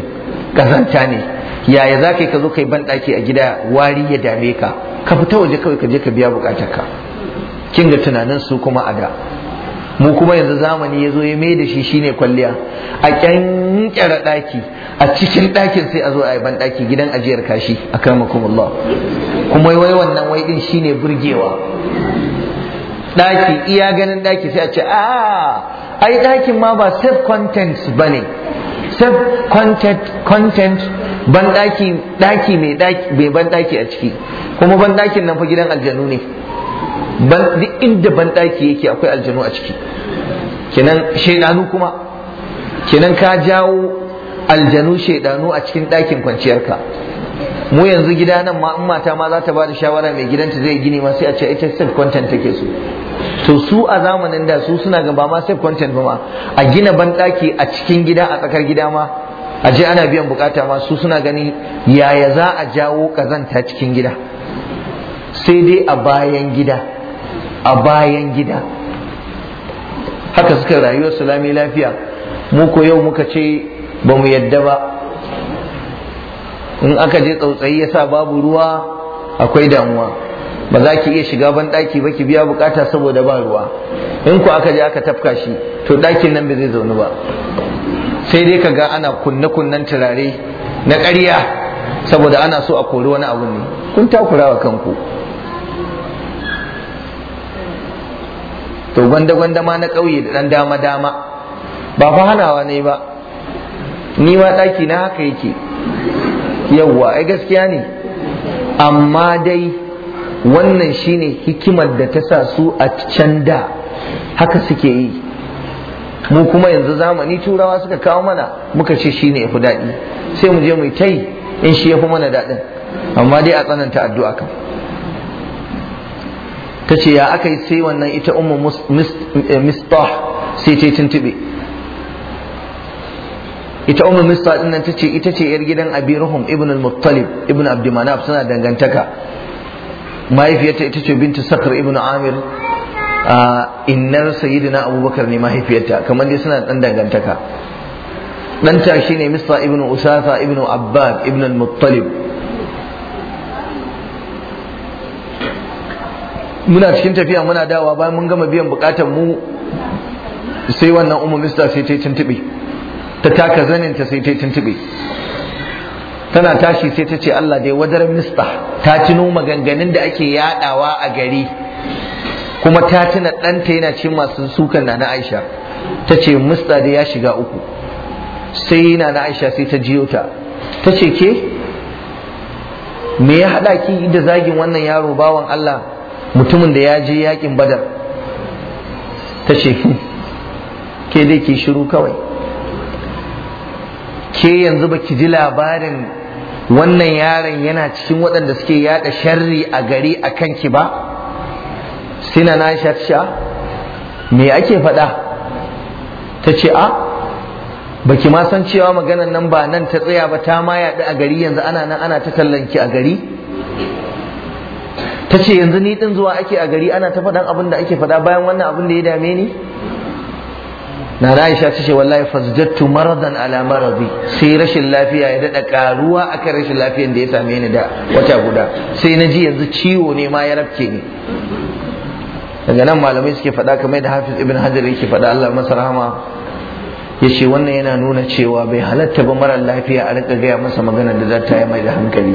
ƙazanta ne yaya za ka yi ka zo ka yi banɗaki a gida wari ya dame ka ka fita waje kawai ka je ka biya ka. kin ga tunanin su kuma a da mu kuma yanzu zamani ya zo ya mai da shi shine kwalliya a kyankyara ɗaki a cikin ɗakin sai a zo a yi banɗaki gidan ajiyar kashi a karmakumullah kuma wai wannan wai ɗin shine burgewa ɗaki iya ganin ɗaki sai a ce a ai ɗakin ma ba self content ba ne self content content ban ɗaki ɗaki mai ɗaki ban ɗaki a ciki kuma ban ɗakin nan fa gidan aljanu ne ban duk inda ban ɗaki yake akwai aljanu a ciki kenan shaidanu kuma kenan ka jawo aljanu shaidanu a cikin ɗakin kwanciyarka mu yanzu gida nan ma in mata ma za ta ba da shawara mai gidanta zai gini ma sai a ce ita self content take so to su a zamanin da su suna ga ma sai content ba ma a gina banɗaki a cikin gida a tsakar gida ma a je ana biyan bukata ma su suna gani yaya za a jawo kazanta cikin gida sai dai a bayan gida a bayan gida haka suka rayuwar su lami lafiya mu ko yau muka ce ba mu yadda ba in aka je tsautsayi yasa babu ruwa akwai damuwa ba za ki iya shiga ban ɗaki ba ki biya bukata saboda ba ruwa in ku aka je aka tafka shi to ɗakin nan ba zai zaunu ba sai dai ka ga ana kunne kunnen turare na ƙarya saboda ana so a kori wani abu ne kun takura wa kanku to gwanda gwanda ma na ƙauye da ɗan dama dama ba fa hanawa ne ba ni ma ɗaki na haka yake yawwa ai gaskiya ne amma dai wannan shine hikimar da ta sa su a can da haka suke yi mu kuma yanzu zamani turawa suka kawo mana muka ce shine ya fi daɗi sai mu je mu tai in shi ya fi mana daɗin amma dai a tsananta addu'a kan ta ce ya aka yi sai wannan ita ummu eh, mistah sai ta yi tuntube ita ummu mistah ɗin nan ta ce ita ce yar gidan abiruhum ibn al-muttalib ibn abdumanaf suna dangantaka mahaifiyarta ita ce bintu sakar ibnu amir a innar sayyidina abubakar ne mahaifiyarta kamar dai suna dan dangantaka shi shine mista ibnu usasa ibnu abbad ibnu muttalib muna cikin tafiya muna dawa bayan mun gama biyan bukatar mu sai wannan umar mista sai ta yi tuntuɓe ta taka zaninta sai ta yi tuntuɓe tana tashi sai ta ce Allah dai wadar mista ta tuno maganganun da ake yadawa a gari kuma ta tuna ɗanta yana ce masu sukan na Aisha ta ce mista dai ya shiga uku sai na Aisha sai ta jiyo ta ta ce ke me ya haɗa ki da zagin wannan yaro bawan Allah mutumin da ya je yakin badar ta ce ke dai ke shiru kawai ke yanzu ba ki ji labarin wannan yaron yana cikin waɗanda suke yaɗa sharri a gari a kanki ba sina na shatsha? Ah, me ake faɗa ta ce a ah, baki ma san cewa maganan nan ba nan ta tsaya ba ta ma yaɗu a gari yanzu ana nan ana ta tallanki a gari ta ce yanzu ni ɗin zuwa ake a gari ana ta faɗan abin da ake faɗa bayan wannan abin da ya dame ni na Aisha ta ce wallahi fazdattu maradan ala maradi sai rashin lafiya ya dada karuwa akan rashin lafiyan da ya same ni da wata guda sai na ji yanzu ciwo ne ma ya rabke ni daga nan malamai suke faɗa kamar da Hafiz Ibn Hajar yake faɗa Allah masa rahama ce wannan yana nuna cewa bai halatta ba mara lafiya a rika gaya masa magana da za ta yi mai da hankali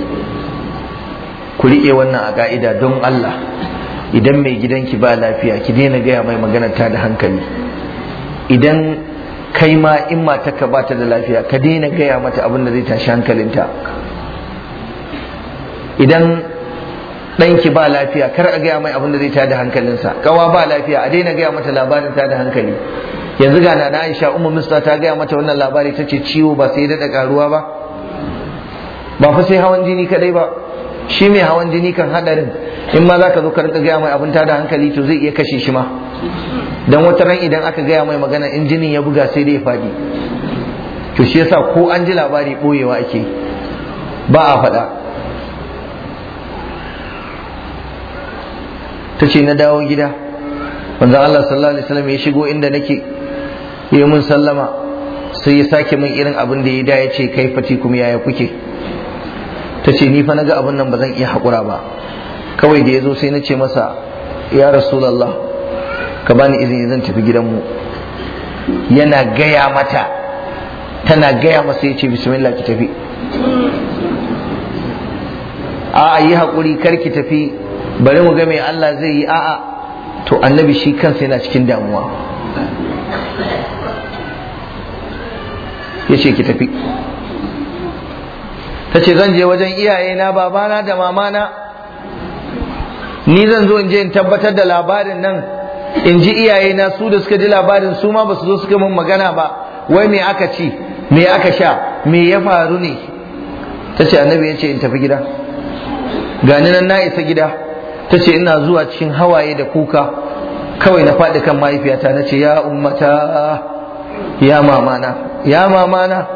ku riƙe wannan a ka'ida don Allah idan mai gidanki ba lafiya ki daina gaya mai magana ta da hankali idan kai ma in mata ba ta da lafiya ka daina gaya mata abin da zai tashi hankalinta idan ɗanki ba lafiya kar a gaya mai abin da zai tada hankalinsa kawa ba lafiya a daina gaya mata labarin tada hankali yanzu ga nana Aisha ummu Musta ta gaya mata wannan labari tace ciwo ba sai daɗa karuwa ba ba fa sai hawan jini kadai ba shi mai hawan jini kan hadarin in ma za ka zo ka rinka gaya mai abin tada hankali to zai iya kashe shi ma dan wata ran idan aka gaya mai magana injinin ya buga sai dai ya faɗi to shi yasa ko an ji labari ɓoyewa ake ba a faɗa ta ce na dawo gida wanda Allah sallallahu alaihi wasallam ya shigo inda nake ya mun sallama sai ya sake min irin abin da ya da ya ce kai fati kuma yaya kuke ta ce ni fa naga abun nan ba zan iya haƙura ba kawai da ya zo sai na ce masa ya rasulallah ka bani izini zan tafi gidanmu yana gaya mata tana gaya masa ya ce bismillah ki tafi a'a yi haƙuri kar ki tafi bari mu ga mai Allah zai yi a'a to annabi shi kansa yana cikin damuwa ya ce ki tafi ta ce zan je wajen iyayena babana da mamana ni zan zo in je in tabbatar da labarin nan in ji iyaye su da suka ji labarin su ma ba su zo suka mun magana ba wai me aka ci me aka sha me ya faru ne tace annabi ya ce in tafi gida gani nan na isa gida tace ina zuwa cikin hawaye da kuka kawai na faɗi kan mahaifiyata na ce ya ummata ya mamana ya mamana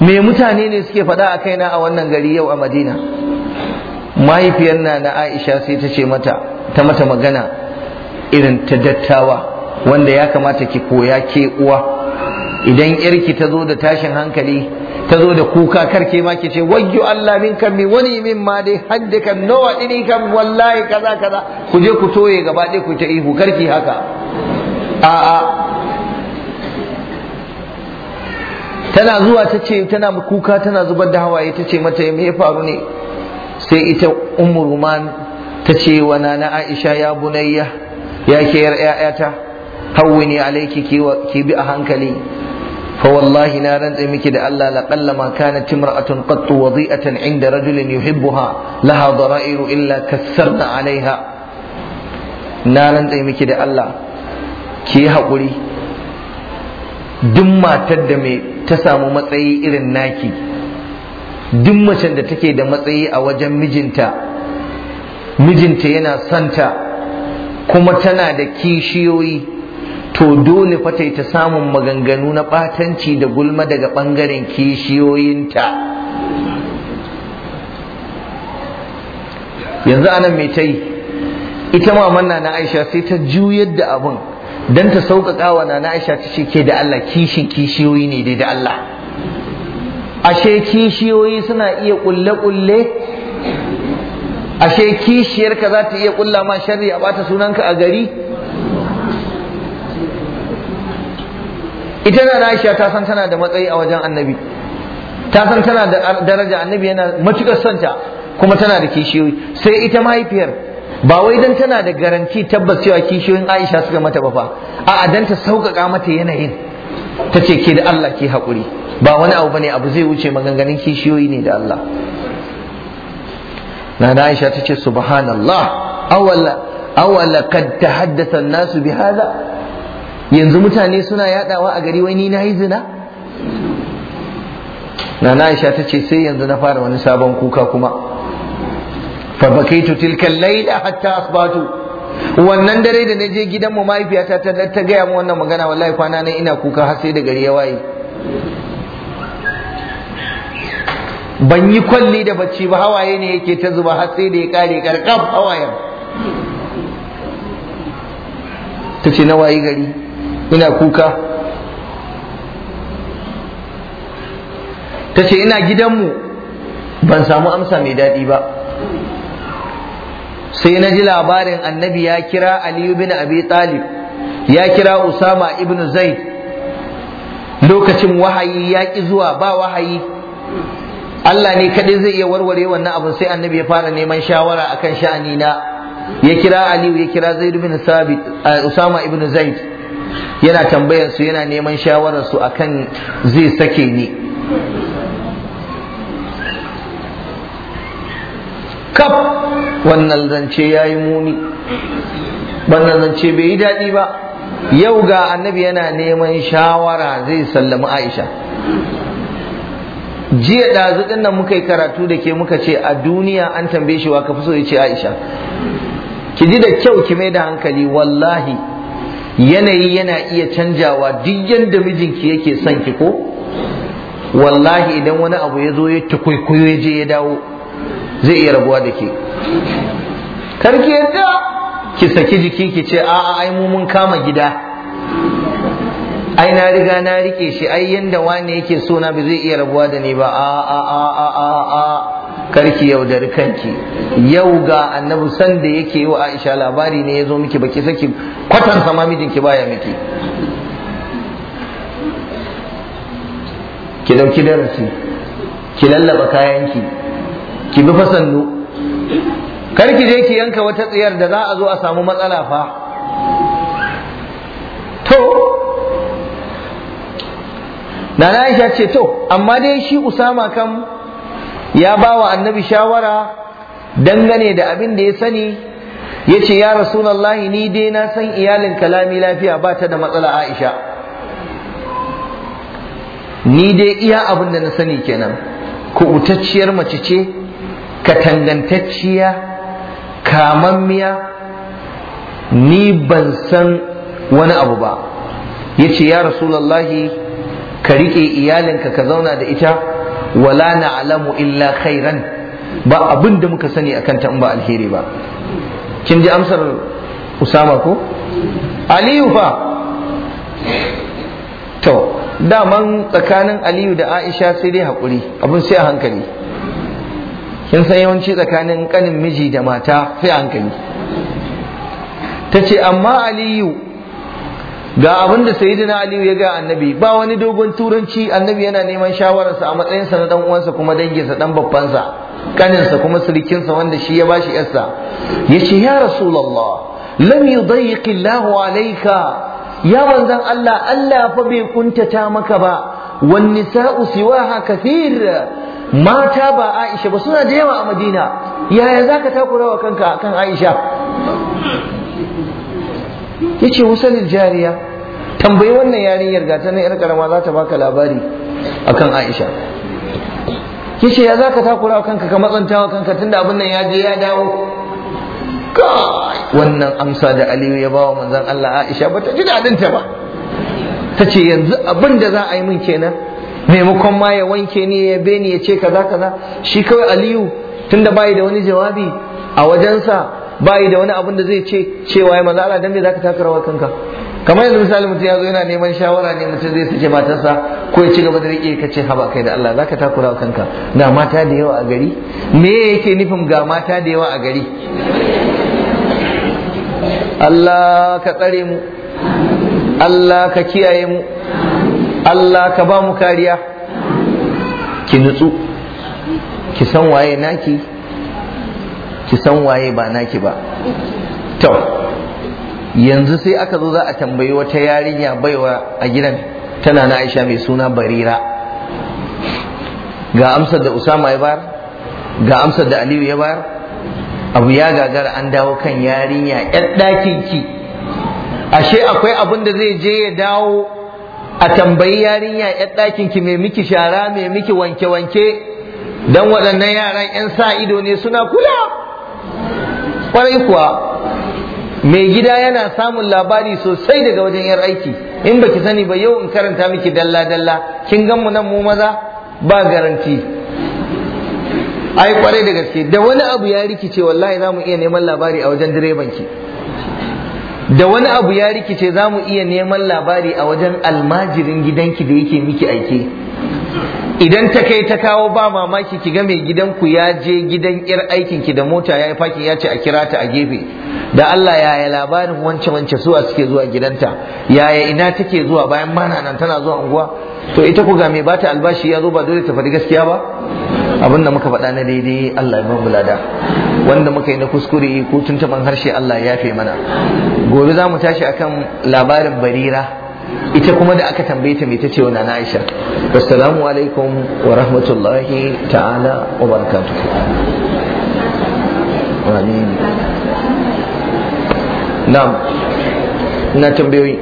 me mutane ne suke faɗa a kaina a wannan gari yau a madina mahaifiyar na na aisha sai ta ce mata ta mata magana irin ta dattawa wanda ya kamata ki koya ke uwa idan yarki ta zo da tashin hankali ta zo da kuka karke ma ki ce wayyo Allah min kan mi wani min ma dai hadda kan nawa dini kan wallahi kaza kaza ku je ku toye gaba ɗaya ku ta ihu karki haka a'a tana zuwa ta ce tana kuka tana zubar da hawaye ta ce mata me ya faru ne sai ita ummu ruman ta ce wa nana aisha ya bunayya ya ke yar ƴaƴata hawwini alayki ki bi a hankali fa wallahi na rantse miki da Allah la qallama kanat imra'atun qattu wadi'atan 'inda rajulin yuhibbuha laha dara'iru illa kassarna 'alayha na rantse miki da Allah ki haƙuri duk matar da mai ta samu matsayi irin naki duk macen da take da matsayi a wajen mijinta mijinta yana santa kuma tana da kishiyoyi to dole fa ta samun maganganu na ɓatanci da gulma daga ɓangaren kishiyoyinta yanzu anan mai ta yi ita maman na na aisha sai ta juyar da abun don ta sauƙaƙa wa na na aisha ta ce ke da Allah kishin kishiyoyi ne dai da Allah ashe kishiyoyi suna iya ƙulle-ƙulle ashe kishiyarka za ta iya kulla ma sharri a bata sunanka a gari ita na Aisha ta san tana da matsayi a wajen annabi ta san tana da daraja annabi yana matukar son kuma tana da kishiyoyi sai ita mahaifiyar ba wai dan tana da garanti tabbas cewa kishiyoyin Aisha suka mata ba fa a'a dan ta sauƙaƙa mata yanayin ta ce ke da Allah ke haƙuri ba wani abu bane abu zai wuce maganganun kishiyoyi ne da Allah na Aisha ta ce subhanallah awala awala kad tahaddatha an-nasu bi hadha yanzu mutane suna yadawa a gari wai ni nayi zina na Aisha ta ce sai yanzu na fara wani sabon kuka kuma fa bakaitu tilka al hatta asbatu wannan dare da naje gidan mu mahaifiyata ta ta gaya mu wannan magana wallahi kwana na ina kuka har sai da gari ya waye ban yi kwalli da bacci ba hawaye ne yake ta zuba har sai da ya kare karkam hawayen ta ce na wayi gari ina kuka ta ce ina gidanmu ban samu amsa mai daɗi ba sai na ji labarin annabi ya kira aliyu bin abi talib ya kira usama ibn zaid lokacin wahayi ya ƙi zuwa ba wahayi Allah ne kadai zai iya warware wannan abin sai annabi ya fara neman shawara akan sha'ani na ya kira Aliyu ya kira Zaid bin Sabit Usama ibn Zaid yana tambayar su yana neman shawarar su akan zai sake ni kaf wannan zance yayi muni wannan zance bai yi daɗi ba yau ga annabi yana neman shawara zai sallami Aisha jiya ɗazu ɗin nan muka yi karatu da ke muka ce a duniya an tambaye shi wa ka so ya ce aisha ki ji da kyau ki mai da hankali wallahi yanayi yana iya canjawa duk yadda mijinki yake son ki ko wallahi idan wani abu ya zo ya tukwaikwayo ya je ya dawo zai iya rabuwa da ke karki yadda ki saki jiki ki ce a'a ai mu mun kama gida ai na riga na rike shi ai yanda wani yake so na ba zai iya rabuwa da ni ba a a a a a a karki yaudari kanki yau ga annabi san da yake yi wa Aisha labari ne ya zo miki baki saki kwatan sama mijinki baya miki ki dauki darasi ki lallaba kayanki ki bi fasannu kar ki je ki yanka wata tsiyar da za a zo a samu matsala fa to nana Aisha ce to amma dai shi Usama kam ya ba wa annabi shawara dangane da abin da ya sani ya ce ya rasulallah ni dai na san iyalin kalami lafiya ba ta da matsala Aisha ni dai iya abin da na sani kenan kubutacciyar mace ce katangantacciya kamammiya ni ban san wani abu ba ya ce ya rasulallah. ka rike iyalinka ka zauna da ita wala na'lamu illa khairan ba abin da muka sani akan ta in ba alheri ba kin ji amsar usama ko aliyu fa to daman tsakanin aliyu da aisha sai dai haƙuri abin sai a hankali kin san yawanci tsakanin kanin miji da mata sai a hankali ta ce amma aliyu ga abin da sayyidina aliyu ya ga annabi ba wani dogon turanci annabi yana neman shawararsa a matsayinsa na dan uwansa kuma danginsa dan babbansa kaninsa kuma sirikinsa wanda shi ya bashi yarsa yace ya rasulullah lam yudayyiq Allah alayka ya manzon Allah Allah fa bai kuntata maka ba wan nisa'u siwaha kathir mata ba Aisha ba suna da yawa a Madina yaya zaka takura wa kanka akan Aisha yace wasalil jariya tambayi wannan yarinyar ga ta nan yar karama za ta baka labari akan Aisha kishi ya zaka takura kanka ka matsantawa kanka tunda abin nan ya je ya dawo wannan amsa da Aliyu ya bawa manzon Allah Aisha bata ji dadin ta ba tace yanzu abin da za a yi min kenan maimakon ma ya wanke ni ya beni ya ce kaza kaza shi kawai Aliyu tunda bai da wani jawabi a wajensa bai da wani abin da zai ce cewa ya manzo Allah dan me zaka takura kanka kamar yanzu misali mutum ya zo yana neman shawara ne mutum zai sake matarsa ko ya ci gaba da rike ka ce haba kai da Allah zaka takura kanka ga mata da yawa a gari me yake nufin ga mata da yawa a gari Allah ka tsare mu Allah ka kiyaye mu Allah ka ba mu kariya ki nutsu ki san waye naki ki san waye ba naki ba to yanzu sai aka zo za a tambayi wata yarinya baiwa a gidan tana na aisha mai suna barira ga amsar da usama ya bayar ga amsar da aliyu ya bayar abu ya gagara an dawo kan yarinya yan ɗakin ashe akwai abin da zai je ya dawo a tambayi yarinya yan ɗakinki ki mai miki shara mai miki wanke-wanke don waɗannan yaran yan sa ido ne suna kula ƙwarai kuwa mai gida yana samun labari sosai daga wajen yar aiki in baki sani ba yau in karanta miki dalla dalla kin gan mu nan mu maza ba garanti ai kwarai da gaske da wani abu ya rikice wallahi za iya neman labari a wajen direban ki da wani abu ya rikice zamu iya neman labari a wajen almajirin gidanki da yake miki aike idan ta kai ta kawo ba mamaki ki ga mai gidanku ya je gidan yar aikinki da mota ya yi fakin ya ce a kira ta a gefe da Allah ya yaya labarin wance wance suwa suke zuwa gidanta yaya ina take zuwa bayan mana nan tana zuwa unguwa to ita ku ga me ba ta albashi ya zo ba dole ta faɗi gaskiya ba abin da muka faɗa na daidai Allah ya ba mu lada wanda muka yi na kuskure ko tuntuban harshe Allah ya yafe mana gobe za mu tashi akan labarin barira ita kuma da aka tambaye ta me ta ce wa Aisha assalamu alaikum wa rahmatullahi ta'ala wa barakatuh amin na'am na tambayoyi